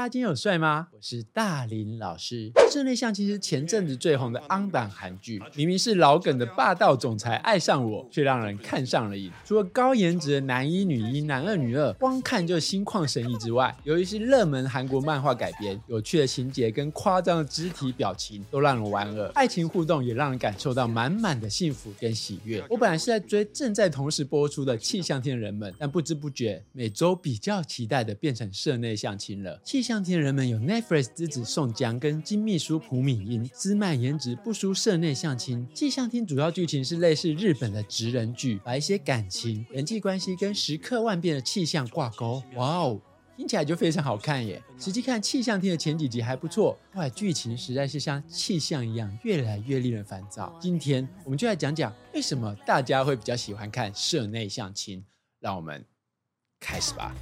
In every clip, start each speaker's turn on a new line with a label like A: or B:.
A: 大家今天有帥嗎？我是大林老師。社內相親是前陣子最紅的 on 檔韓劇，明明是老梗的霸道總裁愛上我，卻讓人看上了癮。除了高顏值的男一女一、男二女二，光看就心曠神怡之外，由於是熱門韓國漫畫改編，有趣的情節跟誇張的肢體表情都讓人莞爾，愛情互動也讓人感受到滿滿的幸福跟喜悅。我本來是在追正在同時播出的《氣象廳的人們》，但不知不覺每周比較期待的變成社內相親了。氣氣象廳的人們有 Netflix 之子宋江跟金秘書朴敏英，撕漫顏值不輸社內相親。氣象廳主要劇情是類似日本的職人劇，把一些感情人際關係跟時刻萬變的氣象掛鈎。哇哦，聽起來就非常好看耶！實際看氣象廳的前幾集還不錯，後來劇情實在是像氣象一樣越來越令人煩躁。今天我們就來講講為什麼大家會比較喜歡看社內相親，讓我們開始吧。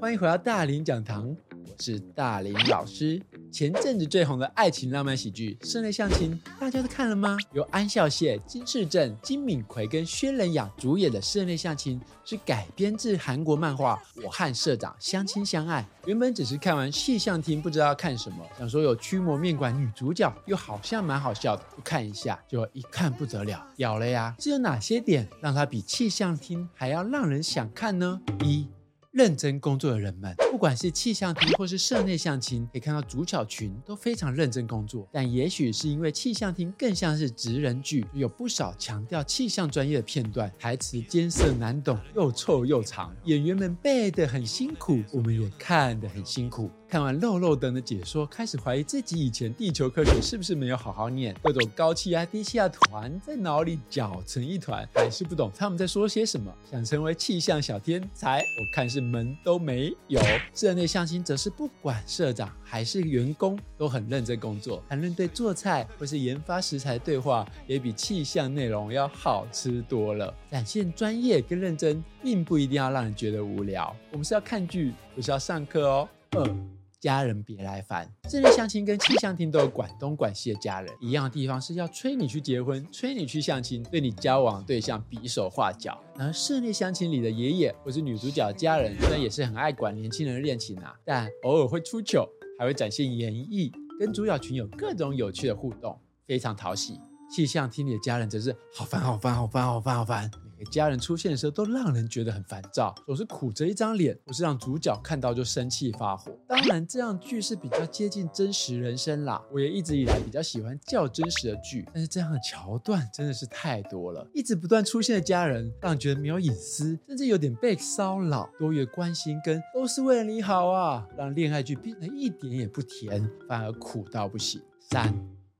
A: 歡迎回到大林講堂，我是大林老師。前陣子最紅的愛情浪漫喜劇《社內相親》，大家都看了嗎？由安孝燮、金世正、金敏奎跟薛仁雅主演的《社內相親》，是改編自韓國漫畫《我和社長相親相愛》。原本只是看完《氣象廳》，不知道要看什麼，想說有驅魔麵館女主角，又好像蠻好笑的，看一下，就一看不得了，咬了呀！是有哪些點讓它比《氣象廳》還要讓人想看呢？一認真工作的人們，不管是氣象廳或是社內相親，可以看到主角群都非常認真工作。但也許是因為氣象廳更像是職人劇，有不少強調氣象專業的片段，台詞艱澀難懂，又臭又長，演員們背得很辛苦，我們也看得很辛苦。看完漏漏等的解說，開始懷疑自己以前地球科學是不是沒有好好念，各種高氣壓、啊、低氣壓、啊、團在腦裡攪成一團，還是不懂他們在說些什麼。想成為氣象小天才，我看是門都沒有。社內相親則是不管社長還是員工都很認真工作，談論對做菜或是研發食材對話，也比氣象內容要好吃多了。展現專業跟認真，並不一定要讓人覺得無聊。我們是要看劇，不是要上課哦。嗯、呃。家人別來煩，社內相親跟氣象廳都有管東管西的家人，一樣的地方是要催你去結婚，催你去相親，對你交往對象比手畫腳。而社內相親裡的爺爺或是女主角的家人，雖然也是很愛管年輕人的戀情啊，但偶爾會出糗，還會展現演繹，跟主角群有各種有趣的互動，非常討喜。氣象廳裡的家人則是好煩好煩好煩好煩好煩。給家人出現的時候都讓人覺得很煩躁，總是苦着一張臉，總是讓主角看到就生氣發火。當然，這樣劇是比較接近真實人生啦。我也一直以來比較喜歡較真實的劇，但是這樣的橋段真的是太多了，一直不斷出現的家人，讓人覺得沒有隱私，甚至有點被騷擾。多餘的關心跟都是為了你好啊，讓戀愛劇變得一點也不甜，反而苦到不行。三，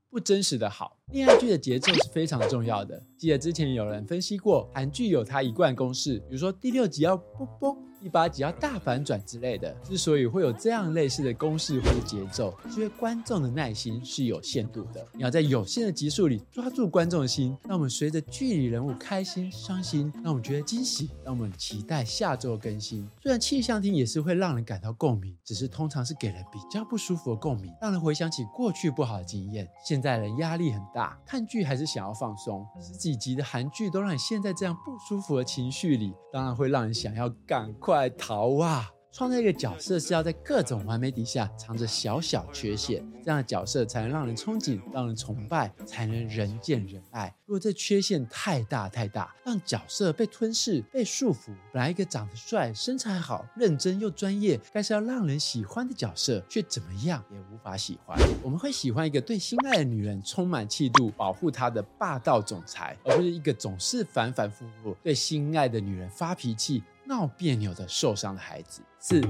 A: 不真實的好。戀愛劇的節奏是非常重要的。記得之前有人分析過，韓劇有它一貫公式，比如說第六集要嘣嘣，第八集要大反轉之類的。之所以會有這樣類似的公式或者節奏，是因為觀眾的耐心是有限度的。你要在有限的集數裡抓住觀眾的心，讓我們隨着劇裡人物開心、傷心，讓我們覺得驚喜，讓我們期待下周更新。雖然氣象廳也是會讓人感到共鳴，只是通常是給人比較不舒服的共鳴，讓人回想起過去不好的經驗。現在人壓力很大。看劇還是想要放鬆，十幾集的韓劇都讓你陷在這樣不舒服的情緒裡，當然會讓人想要趕快逃啊！創造一個角色是要在各種完美底下藏着小小缺陷，這樣的角色才能讓人憧憬，讓人崇拜，才能人見人愛。如果這缺陷太大太大，讓角色被吞噬、被束縛，本來一個長得帥、身材好、認真又專業，該是要讓人喜歡的角色，卻怎麼樣也無法喜歡。我們會喜歡一個對心愛的女人充滿氣度、保護她的霸道總裁，而不是一個總是反反复覆對心愛的女人發脾氣，鬧彆扭的受傷的孩子，四，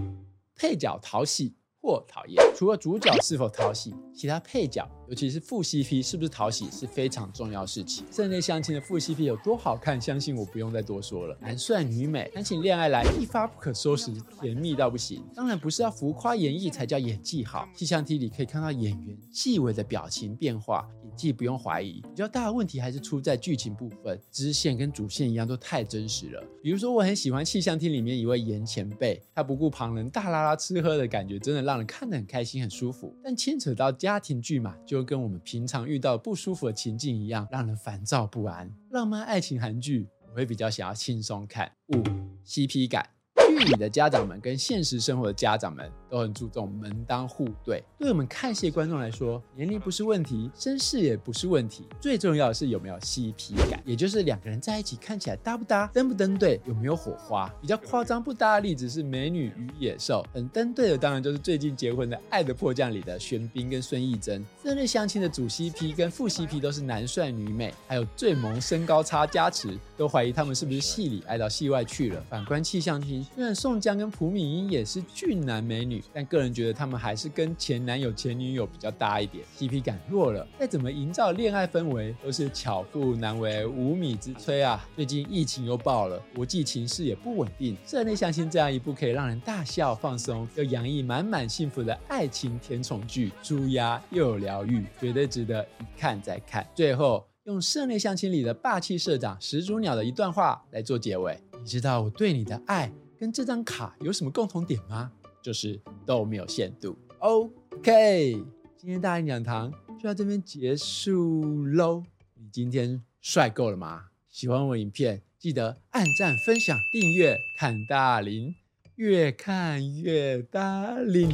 A: 配角討喜。討厭，除了主角是否討喜，其他配角，尤其是副 CP 是不是討喜，是非常重要事情。社內相親的副 CP 有多好看，相信我不用再多說了。男帥女美，談起戀愛來一發不可收拾，甜蜜到不行。當然不是要浮誇演繹才叫演技好。氣象廳裡可以看到演員細微的表情變化，演技不用懷疑。比較大的問題還是出在劇情部分，支線跟主線一樣都太真實了。比如說我很喜歡氣象廳裡面一位嚴前輩，他不顧旁人大剌剌吃喝的感覺，真的讓看得很開心，很舒服。但牽扯到家庭劇嘛，就跟我們平常遇到不舒服的情境一樣，讓人煩躁不安。浪漫愛情韓劇，我會比較想要輕鬆看，五 CP 感。劇裡的家長們跟現實生活的家長們都很注重門當戶對。對我們看戲觀眾來說，年齡不是問題，身世也不是問題，最重要的是有沒有 CP 感，也就是兩個人在一起看起來搭不搭、登不登對，有沒有火花。比較誇張不搭的例子是《美女與野獸》，很登對的當然就是最近結婚的《愛的迫降》裡的玄彬跟孫藝珍。社內相親的主 CP 跟副 CP 都是男帥女美，還有最萌身高差加持，都懷疑他們是不是戲裡愛到戲外去了。反觀氣象廳。但宋江跟朴敏英也是俊男美女，但個人覺得他們還是跟前男友前女友比較搭一點，CP 感弱了。再怎麼營造戀愛氛圍，都是巧婦難為無米之炊啊！最近疫情又爆了，國際情勢也不穩定。《社內相親》這樣一部可以讓人大笑放鬆，又洋溢滿滿幸福的愛情甜寵劇，紓壓又有療癒，絕對值得一看再看。最後用《社內相親》裡的霸氣社長始祖鳥的一段話來做結尾：你知道我對你的愛。跟這張卡有什麼共同點嗎？就是都沒有限度。OK，今天大林講堂就到這邊結束嘍。你今天帥夠了嗎？喜歡我的影片，記得按讚、分享、訂閱，看大林，越看越大林。